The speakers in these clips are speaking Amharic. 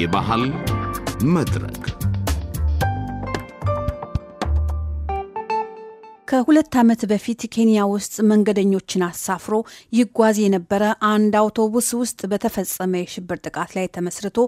የባህል መድረክ ከሁለት ዓመት በፊት ኬንያ ውስጥ መንገደኞችን አሳፍሮ ይጓዝ የነበረ አንድ አውቶቡስ ውስጥ በተፈጸመ የሽብር ጥቃት ላይ ተመስርቶ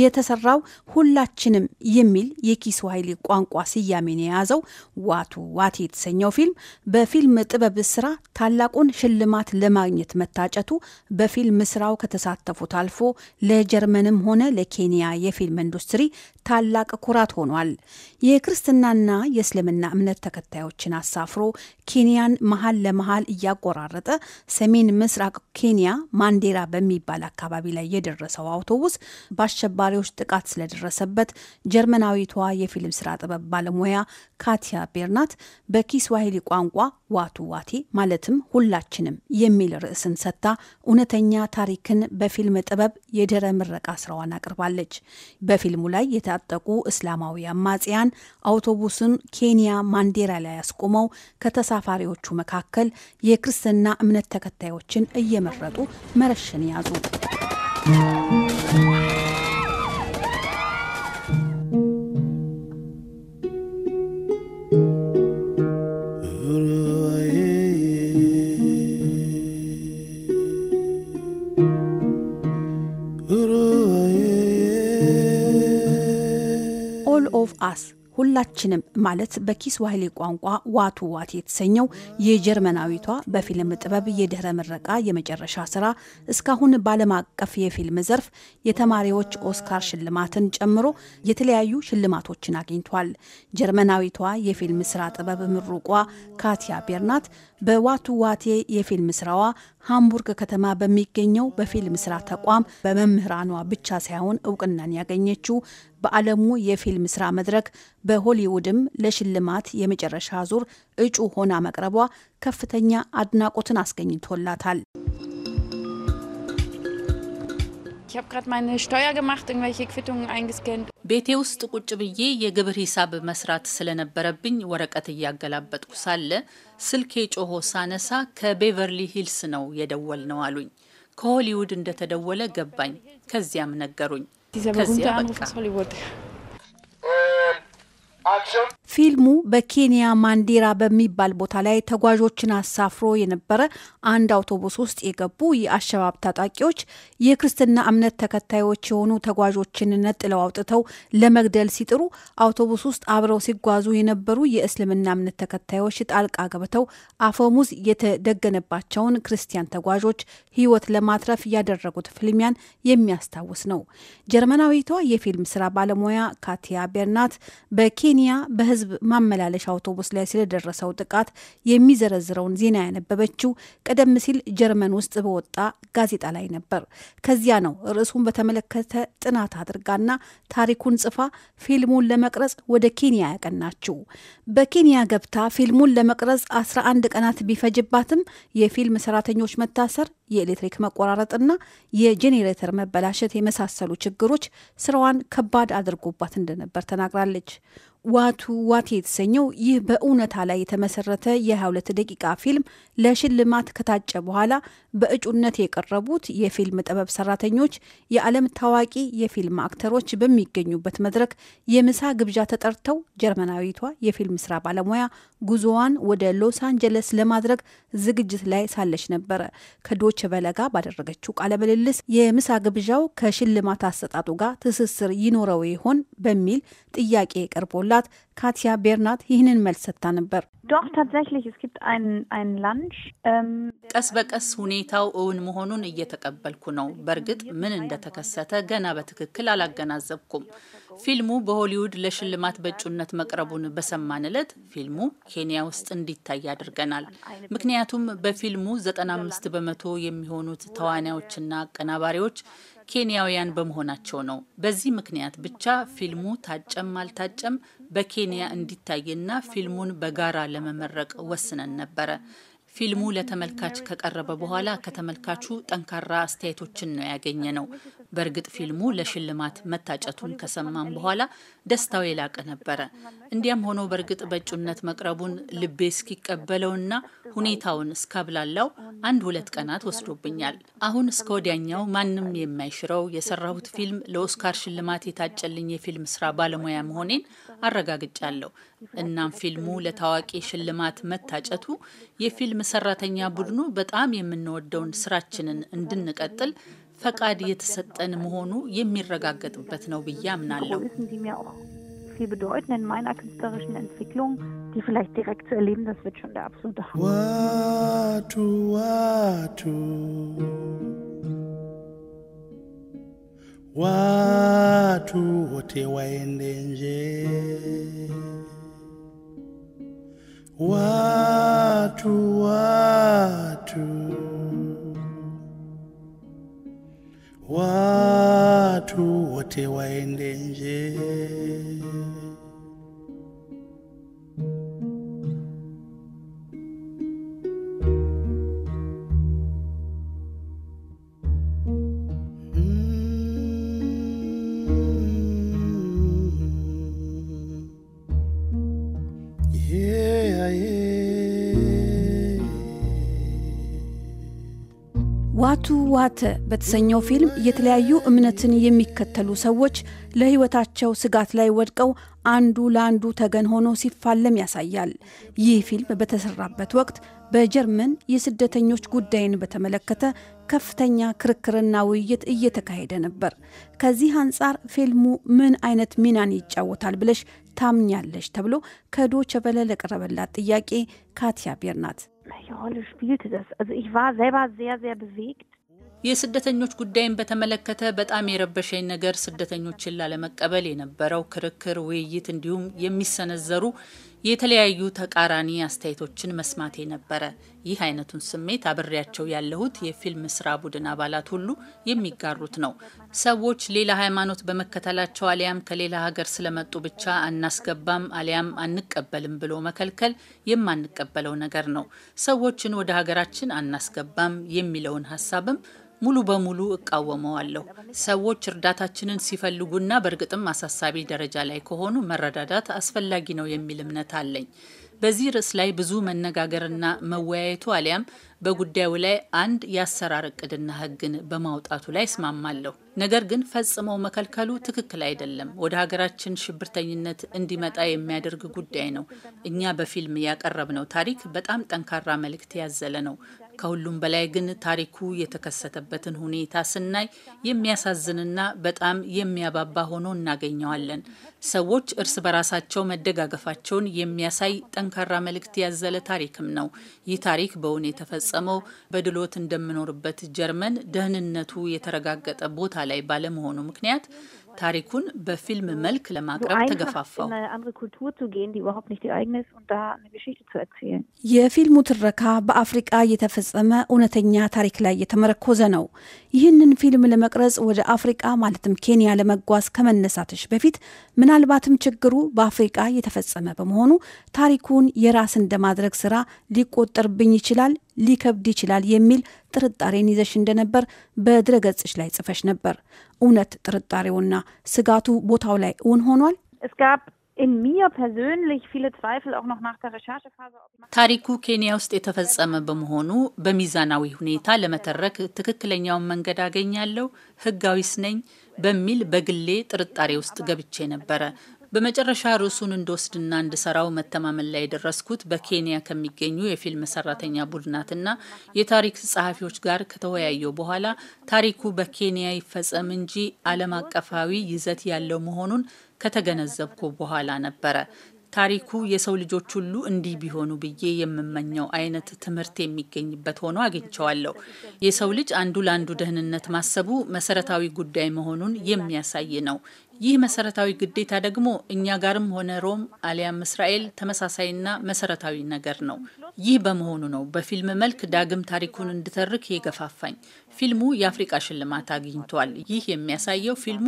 የተሰራው ሁላችንም የሚል የኪስ ኃይሌ ቋንቋ ስያሜን የያዘው ዋቱ ዋቲ የተሰኘው ፊልም በፊልም ጥበብ ስራ ታላቁን ሽልማት ለማግኘት መታጨቱ በፊልም ስራው ከተሳተፉት አልፎ ለጀርመንም ሆነ ለኬንያ የፊልም ኢንዱስትሪ ታላቅ ኩራት ሆኗል። የክርስትናና የእስልምና እምነት ተከታዮችን አሳፍ አሳፍሮ ኬንያን መሀል ለመሀል እያቆራረጠ ሰሜን ምስራቅ ኬንያ ማንዴራ በሚባል አካባቢ ላይ የደረሰው አውቶቡስ በአሸባሪዎች ጥቃት ስለደረሰበት ጀርመናዊቷ የፊልም ስራ ጥበብ ባለሙያ ካቲያ ቤርናት በኪስዋሂሊ ቋንቋ ዋቱ ዋቴ ማለትም ሁላችንም የሚል ርዕስን ሰጥታ እውነተኛ ታሪክን በፊልም ጥበብ የደረ ምረቃ ስራዋን አቅርባለች። በፊልሙ ላይ የታጠቁ እስላማዊ አማጽያን አውቶቡስን ኬንያ ማንዴራ ላይ አስቆመው ከተሳፋሪዎቹ መካከል የክርስትና እምነት ተከታዮችን እየመረጡ መረሽን ያዙ። ኦል ኦፍ አስ ሁላችንም ማለት በኪስዋሂሊ ቋንቋ ዋቱ ዋት የተሰኘው የጀርመናዊቷ በፊልም ጥበብ የድህረ ምረቃ የመጨረሻ ስራ እስካሁን በዓለም አቀፍ የፊልም ዘርፍ የተማሪዎች ኦስካር ሽልማትን ጨምሮ የተለያዩ ሽልማቶችን አግኝቷል። ጀርመናዊቷ የፊልም ስራ ጥበብ ምሩቋ ካቲያ ቤርናት በዋቱ ዋቴ የፊልም ስራዋ ሃምቡርግ ከተማ በሚገኘው በፊልም ስራ ተቋም በመምህራኗ ብቻ ሳይሆን እውቅናን ያገኘችው በዓለሙ የፊልም ስራ መድረክ በሆሊውድም ለሽልማት የመጨረሻ ዙር እጩ ሆና መቅረቧ ከፍተኛ አድናቆትን አስገኝቶላታል። ቤቴ ውስጥ ቁጭ ብዬ የግብር ሂሳብ መስራት ስለነበረብኝ ወረቀት እያገላበጥኩ ሳለ ስልኬ ጮሆ ሳነሳ ከቤቨርሊ ሂልስ ነው የደወል ነው አሉኝ። ከሆሊውድ እንደተደወለ ገባኝ። ከዚያም ነገሩኝ። Dieser berühmte Anruf aus Hollywood. ፊልሙ በኬንያ ማንዴራ በሚባል ቦታ ላይ ተጓዦችን አሳፍሮ የነበረ አንድ አውቶቡስ ውስጥ የገቡ የአሸባብ ታጣቂዎች የክርስትና እምነት ተከታዮች የሆኑ ተጓዦችን ነጥለው አውጥተው ለመግደል ሲጥሩ አውቶቡስ ውስጥ አብረው ሲጓዙ የነበሩ የእስልምና እምነት ተከታዮች ጣልቃ ገብተው አፈሙዝ የተደገነባቸውን ክርስቲያን ተጓዦች ሕይወት ለማትረፍ ያደረጉት ፍልሚያን የሚያስታውስ ነው። ጀርመናዊቷ የፊልም ስራ ባለሙያ ካቲያ ቤርናት በኬ ኬንያ በህዝብ ማመላለሻ አውቶቡስ ላይ ስለደረሰው ጥቃት የሚዘረዝረውን ዜና ያነበበችው ቀደም ሲል ጀርመን ውስጥ በወጣ ጋዜጣ ላይ ነበር። ከዚያ ነው ርዕሱን በተመለከተ ጥናት አድርጋና ታሪኩን ጽፋ ፊልሙን ለመቅረጽ ወደ ኬንያ ያቀናችው። በኬንያ ገብታ ፊልሙን ለመቅረጽ 11 ቀናት ቢፈጅባትም የፊልም ሰራተኞች መታሰር የኤሌክትሪክ መቆራረጥና የጄኔሬተር መበላሸት የመሳሰሉ ችግሮች ስራዋን ከባድ አድርጎባት እንደነበር ተናግራለች። ዋቱ ዋቴ የተሰኘው ይህ በእውነታ ላይ የተመሰረተ የ22 ደቂቃ ፊልም ለሽልማት ከታጨ በኋላ በእጩነት የቀረቡት የፊልም ጥበብ ሰራተኞች፣ የዓለም ታዋቂ የፊልም አክተሮች በሚገኙበት መድረክ የምሳ ግብዣ ተጠርተው ጀርመናዊቷ የፊልም ስራ ባለሙያ ጉዞዋን ወደ ሎስ አንጀለስ ለማድረግ ዝግጅት ላይ ሳለች ነበረ ከዶች ለዶች በለጋ ባደረገችው ቃለ ምልልስ የምሳ ግብዣው ከሽልማት አሰጣጡ ጋር ትስስር ይኖረው ይሆን በሚል ጥያቄ ቀርቦላት ካቲያ ቤርናት ይህንን መልስ ሰጥታ ነበር። ähm, ቀስ በቀስ ሁኔታው እውን መሆኑን እየተቀበልኩ ነው። በእርግጥ ምን እንደተከሰተ ገና በትክክል አላገናዘብኩም። ፊልሙ በሆሊውድ ለሽልማት በእጩነት መቅረቡን በሰማን ዕለት ፊልሙ ኬንያ ውስጥ እንዲታይ አድርገናል። ምክንያቱም በፊልሙ 95 በመቶ የሚሆኑት ተዋናዮችና አቀናባሪዎች ኬንያውያን በመሆናቸው ነው። በዚህ ምክንያት ብቻ ፊልሙ ታጨም አልታጨም በኬንያ እንዲታይና ፊልሙን በጋራ ለመመረቅ ወስነን ነበረ። ፊልሙ ለተመልካች ከቀረበ በኋላ ከተመልካቹ ጠንካራ አስተያየቶችን ነው ያገኘ ነው። በእርግጥ ፊልሙ ለሽልማት መታጨቱን ከሰማም በኋላ ደስታው የላቀ ነበረ። እንዲያም ሆኖ በእርግጥ በእጩነት መቅረቡን ልቤ እስኪቀበለውና ሁኔታውን እስካብላላው አንድ ሁለት ቀናት ወስዶብኛል። አሁን እስከ ወዲያኛው ማንም የማይሽረው የሰራሁት ፊልም ለኦስካር ሽልማት የታጨልኝ የፊልም ስራ ባለሙያ መሆኔን አረጋግጫለሁ። እናም ፊልሙ ለታዋቂ ሽልማት መታጨቱ የፊልም መሰራተኛ ቡድኑ በጣም የምንወደውን ስራችንን እንድንቀጥል ፈቃድ የተሰጠን መሆኑ የሚረጋገጥበት ነው ብዬ አምናለሁ። ዋቱ watu wote waende watu watu watu wote waende nje. ውሃተ በተሰኘው ፊልም የተለያዩ እምነትን የሚከተሉ ሰዎች ለህይወታቸው ስጋት ላይ ወድቀው አንዱ ለአንዱ ተገን ሆኖ ሲፋለም ያሳያል። ይህ ፊልም በተሰራበት ወቅት በጀርመን የስደተኞች ጉዳይን በተመለከተ ከፍተኛ ክርክርና ውይይት እየተካሄደ ነበር። ከዚህ አንጻር ፊልሙ ምን አይነት ሚናን ይጫወታል ብለሽ ታምኛለሽ ተብሎ ከዶቸ ቨለ ለቀረበላት ጥያቄ ካቲያ ቤርናት የስደተኞች ጉዳይን በተመለከተ በጣም የረበሸኝ ነገር ስደተኞችን ላለመቀበል የነበረው ክርክር፣ ውይይት እንዲሁም የሚሰነዘሩ የተለያዩ ተቃራኒ አስተያየቶችን መስማቴ ነበረ። ይህ አይነቱን ስሜት አብሬያቸው ያለሁት የፊልም ስራ ቡድን አባላት ሁሉ የሚጋሩት ነው። ሰዎች ሌላ ሃይማኖት በመከተላቸው አሊያም ከሌላ ሀገር ስለመጡ ብቻ አናስገባም አሊያም አንቀበልም ብሎ መከልከል የማንቀበለው ነገር ነው። ሰዎችን ወደ ሀገራችን አናስገባም የሚለውን ሀሳብም ሙሉ በሙሉ እቃወመዋለሁ። ሰዎች እርዳታችንን ሲፈልጉና በእርግጥም አሳሳቢ ደረጃ ላይ ከሆኑ መረዳዳት አስፈላጊ ነው የሚል እምነት መልእክት አለኝ። በዚህ ርዕስ ላይ ብዙ መነጋገርና መወያየቱ አሊያም በጉዳዩ ላይ አንድ የአሰራር እቅድና ሕግን በማውጣቱ ላይ እስማማለሁ። ነገር ግን ፈጽመው መከልከሉ ትክክል አይደለም። ወደ ሀገራችን ሽብርተኝነት እንዲመጣ የሚያደርግ ጉዳይ ነው። እኛ በፊልም ያቀረብነው ታሪክ በጣም ጠንካራ መልእክት ያዘለ ነው። ከሁሉም በላይ ግን ታሪኩ የተከሰተበትን ሁኔታ ስናይ የሚያሳዝንና በጣም የሚያባባ ሆኖ እናገኘዋለን። ሰዎች እርስ በራሳቸው መደጋገፋቸውን የሚያሳይ ጠንካራ መልእክት ያዘለ ታሪክም ነው። ይህ ታሪክ በእውን የተፈጸመው በድሎት እንደምኖርበት ጀርመን ደህንነቱ የተረጋገጠ ቦታ ላይ ባለመሆኑ ምክንያት ታሪኩን በፊልም መልክ ለማቅረብ ተገፋፋው። የፊልሙ ትረካ በአፍሪቃ የተፈጸመ እውነተኛ ታሪክ ላይ የተመረኮዘ ነው። ይህንን ፊልም ለመቅረጽ ወደ አፍሪቃ ማለትም ኬንያ ለመጓዝ ከመነሳትሽ በፊት ምናልባትም ችግሩ በአፍሪቃ የተፈጸመ በመሆኑ ታሪኩን የራስ እንደማድረግ ስራ ሊቆጠርብኝ ይችላል ሊከብድ ይችላል የሚል ጥርጣሬን ይዘሽ እንደነበር በድረገጽሽ ላይ ጽፈሽ ነበር። እውነት ጥርጣሬውና ስጋቱ ቦታው ላይ እውን ሆኗል? ታሪኩ ኬንያ ውስጥ የተፈጸመ በመሆኑ በሚዛናዊ ሁኔታ ለመተረክ ትክክለኛውን መንገድ አገኛለሁ፣ ህጋዊስ ነኝ በሚል በግሌ ጥርጣሬ ውስጥ ገብቼ ነበረ። በመጨረሻ ርዕሱን እንደወስድና እንድሰራው መተማመን ላይ የደረስኩት በኬንያ ከሚገኙ የፊልም ሰራተኛ ቡድናትና የታሪክ ጸሐፊዎች ጋር ከተወያየው በኋላ ታሪኩ በኬንያ ይፈጸም እንጂ ዓለም አቀፋዊ ይዘት ያለው መሆኑን ከተገነዘብኩ በኋላ ነበረ። ታሪኩ የሰው ልጆች ሁሉ እንዲህ ቢሆኑ ብዬ የምመኘው አይነት ትምህርት የሚገኝበት ሆኖ አግኝቸዋለሁ። የሰው ልጅ አንዱ ለአንዱ ደህንነት ማሰቡ መሰረታዊ ጉዳይ መሆኑን የሚያሳይ ነው። ይህ መሰረታዊ ግዴታ ደግሞ እኛ ጋርም ሆነ ሮም አሊያም እስራኤል ተመሳሳይና መሰረታዊ ነገር ነው። ይህ በመሆኑ ነው በፊልም መልክ ዳግም ታሪኩን እንድተርክ የገፋፋኝ። ፊልሙ የአፍሪቃ ሽልማት አግኝቷል። ይህ የሚያሳየው ፊልሙ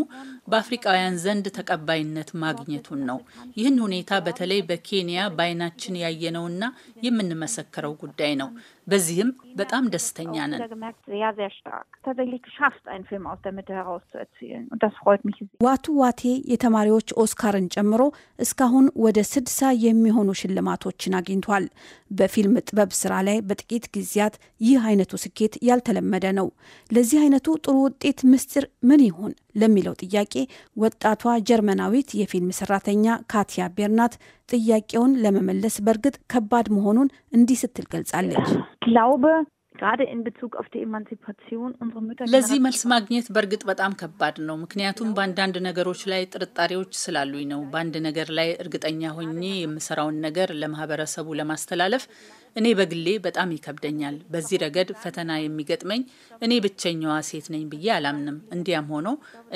በአፍሪቃውያን ዘንድ ተቀባይነት ማግኘቱን ነው። ይህን ሁኔታ በተለይ በኬንያ በአይናችን ያየነውና የምንመሰክረው ጉዳይ ነው። በዚህም በጣም ደስተኛ ነን። ዋቱ ዋቴ የተማሪዎች ኦስካርን ጨምሮ እስካሁን ወደ ስድሳ የሚሆኑ ሽልማቶችን አግኝቷል። በፊልም ጥበብ ስራ ላይ በጥቂት ጊዜያት ይህ አይነቱ ስኬት ያልተለመደ ነው። ለዚህ አይነቱ ጥሩ ውጤት ምስጢር ምን ይሆን ለሚለው ጥያቄ ወጣቷ ጀርመናዊት የፊልም ሰራተኛ ካቲያ ቤርናት ጥያቄውን ለመመለስ በእርግጥ ከባድ መሆኑን እንዲህ ስትል ገልጻለች። ለዚህ መልስ ማግኘት በእርግጥ በጣም ከባድ ነው። ምክንያቱም በአንዳንድ ነገሮች ላይ ጥርጣሬዎች ስላሉኝ ነው። በአንድ ነገር ላይ እርግጠኛ ሆኜ የምሰራውን ነገር ለማህበረሰቡ ለማስተላለፍ እኔ በግሌ በጣም ይከብደኛል። በዚህ ረገድ ፈተና የሚገጥመኝ እኔ ብቸኛዋ ሴት ነኝ ብዬ አላምንም። እንዲያም ሆኖ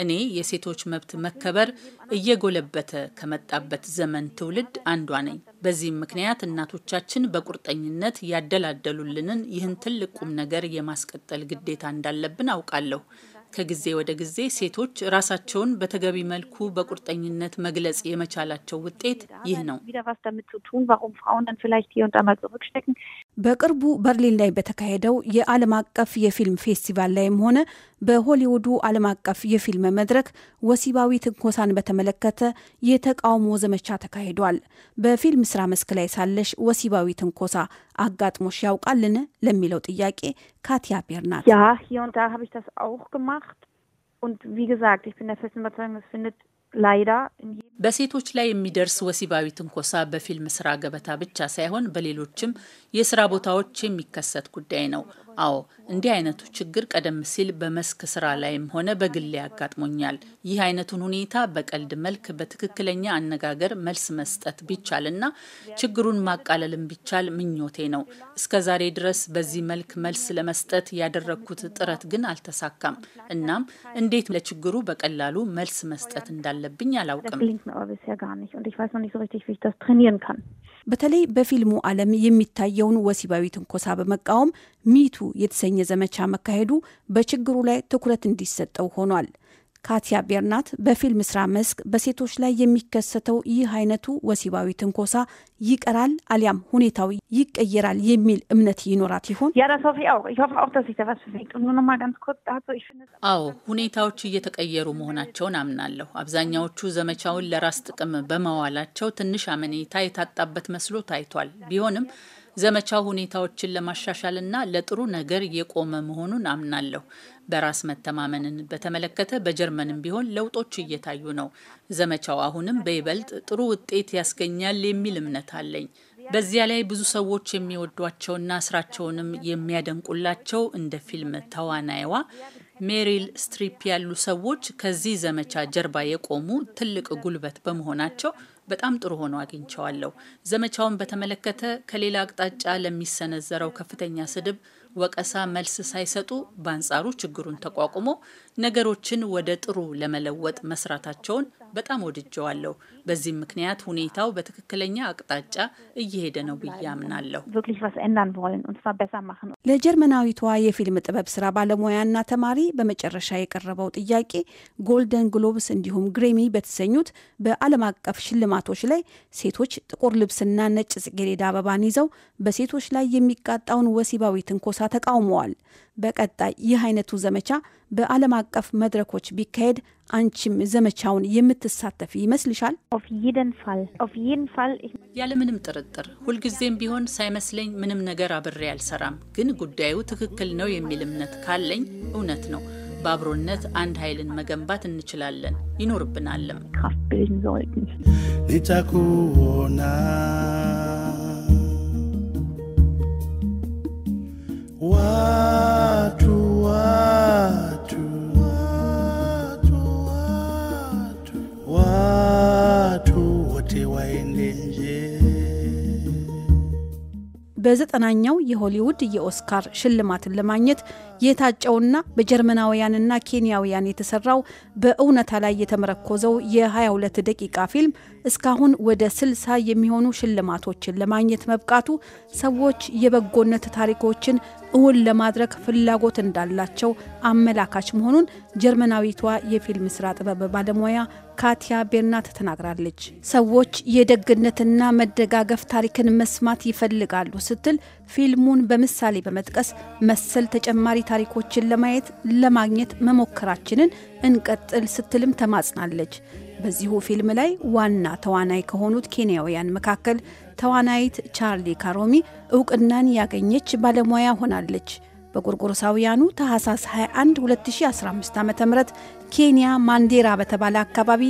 እኔ የሴቶች መብት መከበር እየጎለበተ ከመጣበት ዘመን ትውልድ አንዷ ነኝ። በዚህም ምክንያት እናቶቻችን በቁርጠኝነት ያደላደሉልንን ይህን ትልቅ ቁም ነገር የማስቀጠል ግዴታ እንዳለብን አውቃለሁ። ከጊዜ ወደ ጊዜ ሴቶች ራሳቸውን በተገቢ መልኩ በቁርጠኝነት መግለጽ የመቻላቸው ውጤት ይህ ነው። በቅርቡ በርሊን ላይ በተካሄደው የዓለም አቀፍ የፊልም ፌስቲቫል ላይም ሆነ በሆሊውዱ ዓለም አቀፍ የፊልም መድረክ ወሲባዊ ትንኮሳን በተመለከተ የተቃውሞ ዘመቻ ተካሂዷል። በፊልም ስራ መስክ ላይ ሳለሽ ወሲባዊ ትንኮሳ አጋጥሞሽ ያውቃልን? ለሚለው ጥያቄ ካቲያ ቤር ናት። ያ ሂ በሴቶች ላይ የሚደርስ ወሲባዊ ትንኮሳ በፊልም ስራ ገበታ ብቻ ሳይሆን በሌሎችም የስራ ቦታዎች የሚከሰት ጉዳይ ነው። አዎ እንዲህ አይነቱ ችግር ቀደም ሲል በመስክ ስራ ላይም ሆነ በግል ያጋጥሞኛል። ይህ አይነቱን ሁኔታ በቀልድ መልክ በትክክለኛ አነጋገር መልስ መስጠት ቢቻልና ችግሩን ማቃለልም ቢቻል ምኞቴ ነው። እስከ ዛሬ ድረስ በዚህ መልክ መልስ ለመስጠት ያደረግኩት ጥረት ግን አልተሳካም። እናም እንዴት ለችግሩ በቀላሉ መልስ መስጠት እንዳለብኝ አላውቅም። በተለይ በፊልሙ ዓለም የሚታየውን ወሲባዊ ትንኮሳ በመቃወም ሚቱ የተሰኘ ዘመቻ መካሄዱ በችግሩ ላይ ትኩረት እንዲሰጠው ሆኗል። ካቲያ ቤርናት በፊልም ስራ መስክ በሴቶች ላይ የሚከሰተው ይህ አይነቱ ወሲባዊ ትንኮሳ ይቀራል አሊያም ሁኔታው ይቀየራል የሚል እምነት ይኖራት ይሆን? አዎ፣ ሁኔታዎች እየተቀየሩ መሆናቸውን አምናለሁ። አብዛኛዎቹ ዘመቻውን ለራስ ጥቅም በመዋላቸው ትንሽ አመኔታ የታጣበት መስሎ ታይቷል። ቢሆንም ዘመቻው ሁኔታዎችን ለማሻሻል እና ለጥሩ ነገር የቆመ መሆኑን አምናለሁ። በራስ መተማመንን በተመለከተ በጀርመንም ቢሆን ለውጦች እየታዩ ነው። ዘመቻው አሁንም በይበልጥ ጥሩ ውጤት ያስገኛል የሚል እምነት አለኝ። በዚያ ላይ ብዙ ሰዎች የሚወዷቸውና ስራቸውንም የሚያደንቁላቸው እንደ ፊልም ተዋናይዋ ሜሪል ስትሪፕ ያሉ ሰዎች ከዚህ ዘመቻ ጀርባ የቆሙ ትልቅ ጉልበት በመሆናቸው በጣም ጥሩ ሆኖ አግኝቸዋለሁ። ዘመቻውን በተመለከተ ከሌላ አቅጣጫ ለሚሰነዘረው ከፍተኛ ስድብ ወቀሳ መልስ ሳይሰጡ በአንጻሩ ችግሩን ተቋቁሞ ነገሮችን ወደ ጥሩ ለመለወጥ መስራታቸውን በጣም ወድጀዋለሁ። በዚህም ምክንያት ሁኔታው በትክክለኛ አቅጣጫ እየሄደ ነው ብዬ አምናለሁ። ለጀርመናዊቷ የፊልም ጥበብ ስራ ባለሙያና ተማሪ በመጨረሻ የቀረበው ጥያቄ ጎልደን ግሎብስ እንዲሁም ግሬሚ በተሰኙት በዓለም አቀፍ ሽልማቶች ላይ ሴቶች ጥቁር ልብስና ነጭ ጽጌረዳ አበባን ይዘው በሴቶች ላይ የሚቃጣውን ወሲባዊ ትንኮሳ ተቃውመዋል። በቀጣይ ይህ አይነቱ ዘመቻ በዓለም አቀፍ መድረኮች ቢካሄድ አንቺም ዘመቻውን የምትሳተፍ ይመስልሻል? ያለምንም ጥርጥር ሁልጊዜም ቢሆን ሳይመስለኝ ምንም ነገር አብሬ አልሰራም። ግን ጉዳዩ ትክክል ነው የሚል እምነት ካለኝ እውነት ነው። በአብሮነት አንድ ኃይልን መገንባት እንችላለን ይኖርብናልም። Wow. watu, watu, watu, watu wote waende nje. በዘጠናኛው የሆሊውድ የኦስካር ሽልማትን ለማግኘት የታጨውና በጀርመናውያንና ኬንያውያን የተሰራው በእውነታ ላይ የተመረኮዘው የ22 ደቂቃ ፊልም እስካሁን ወደ 60 የሚሆኑ ሽልማቶችን ለማግኘት መብቃቱ ሰዎች የበጎነት ታሪኮችን እውን ለማድረግ ፍላጎት እንዳላቸው አመላካች መሆኑን ጀርመናዊቷ የፊልም ስራ ጥበብ ባለሙያ ካቲያ ቤርናት ተናግራለች። ሰዎች የደግነትና መደጋገፍ ታሪክን መስማት ይፈልጋሉ ስትል ፊልሙን በምሳሌ በመጥቀስ መሰል ተጨማሪ ታሪኮችን ለማየት ለማግኘት መሞከራችንን እንቀጥል ስትልም ተማጽናለች። በዚሁ ፊልም ላይ ዋና ተዋናይ ከሆኑት ኬንያውያን መካከል ተዋናይት ቻርሊ ካሮሚ እውቅናን ያገኘች ባለሙያ ሆናለች። በጎርጎሮሳውያኑ ታህሳስ 21 2015 ዓ ም ኬንያ ማንዴራ በተባለ አካባቢ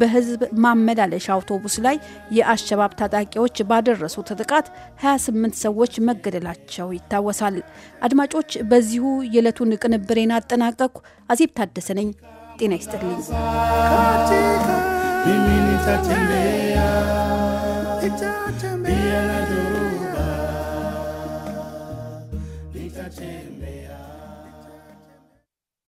በህዝብ ማመላለሻ አውቶቡስ ላይ የአሸባብ ታጣቂዎች ባደረሱት ጥቃት 28 ሰዎች መገደላቸው ይታወሳል። አድማጮች፣ በዚሁ የዕለቱን ቅንብሬን አጠናቀቅኩ። አዜብ ታደሰ ነኝ። ጤና ይስጥልኝ።